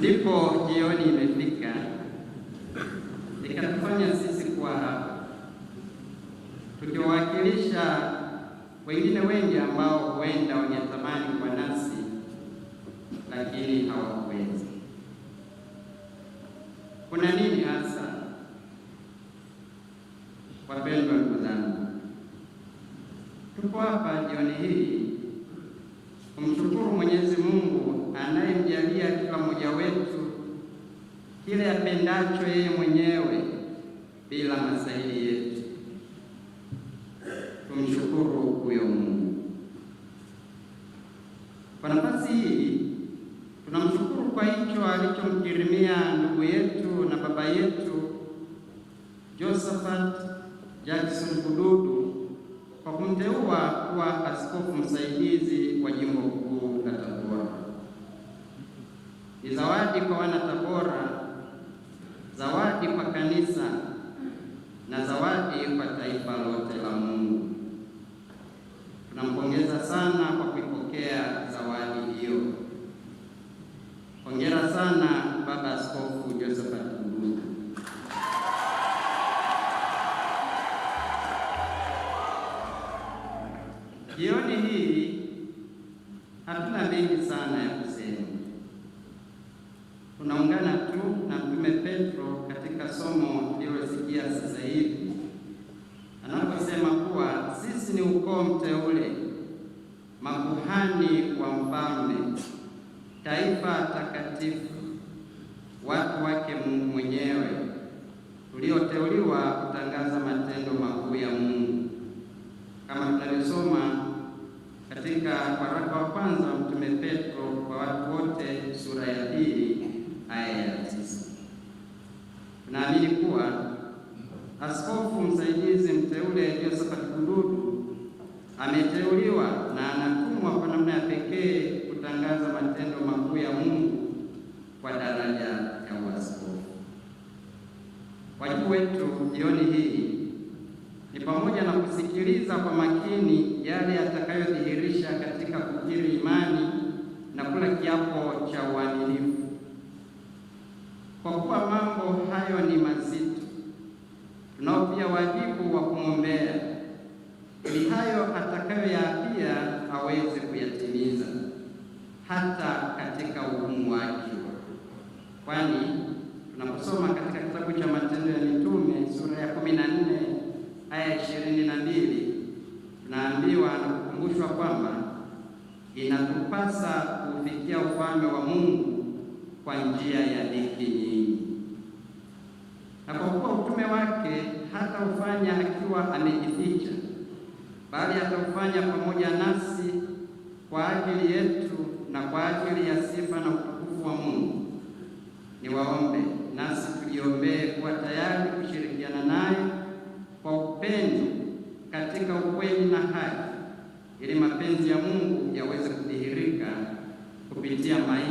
Ndipo jioni imefika, ikatufanya sisi kuwa hapa tukiwawakilisha wengine wengi ambao huenda wangetamani kwa nasi lakini hawakuweza. Kuna nini hasa, wapendwa ndugu zangu? Tuko hapa jioni hii Tumshukuru Mwenyezi Mungu anayemjalia kila mmoja wetu kile apendacho yeye mwenyewe bila masaili yetu. Tumshukuru huyo Mungu. Kwa nafasi hii tunamshukuru kwa hicho alichomkirimia ndugu yetu na baba yetu Josephat Jackson Bududu kumteua kuwa askofu msaidizi wa jimbo kuu la Tabora. Ni zawadi kwa wana Tabora, zawadi kwa kanisa na zawadi kwa taifa lote la Mungu. Tunampongeza sana kwa kuipokea zawadi hiyo. Hongera sana Baba Askofu Josephat Jioni hii hatuna mengi sana ya kusema, tunaungana tu na Mtume Petro katika somo tulilosikia sasa hivi anaposema kuwa sisi ni ukoo mteule, makuhani wa mfalme, taifa takatifu, watu wake Mungu mwenyewe, tulioteuliwa kutangaza matendo makuu ya Mungu. Askofu msaidizi mteule Josephat Kundutu ameteuliwa na anatumwa kwa namna ya pekee kutangaza matendo makuu ya Mungu kwa daraja ya uaskofu. Wajibu wetu jioni hii ni pamoja na kusikiliza kwa makini yale yatakayodhihirisha katika kukiri imani na kula kiapo cha uaminifu. kwa kuwa mambo hayo ni mazito tunao pia wajibu wa kumwombea ili hayo atakayoyaapia aweze kuyatimiza hata katika ugumu wake, kwani tunaposoma katika kitabu cha Matendo ya Mitume sura ya 14 aya 22 tunaambiwa na kukumbushwa kwamba inatupasa kufikia ufalme wa Mungu kwa njia ya dhiki nyingi mume wake hataufanya akiwa amejificha, bali ataufanya pamoja nasi kwa ajili yetu na kwa ajili ya sifa na utukufu wa Mungu. Niwaombe nasi tuliombee kuwa tayari kushirikiana naye kwa upendo katika ukweli na haki, ili mapenzi ya Mungu yaweze kudhihirika kupitia maisha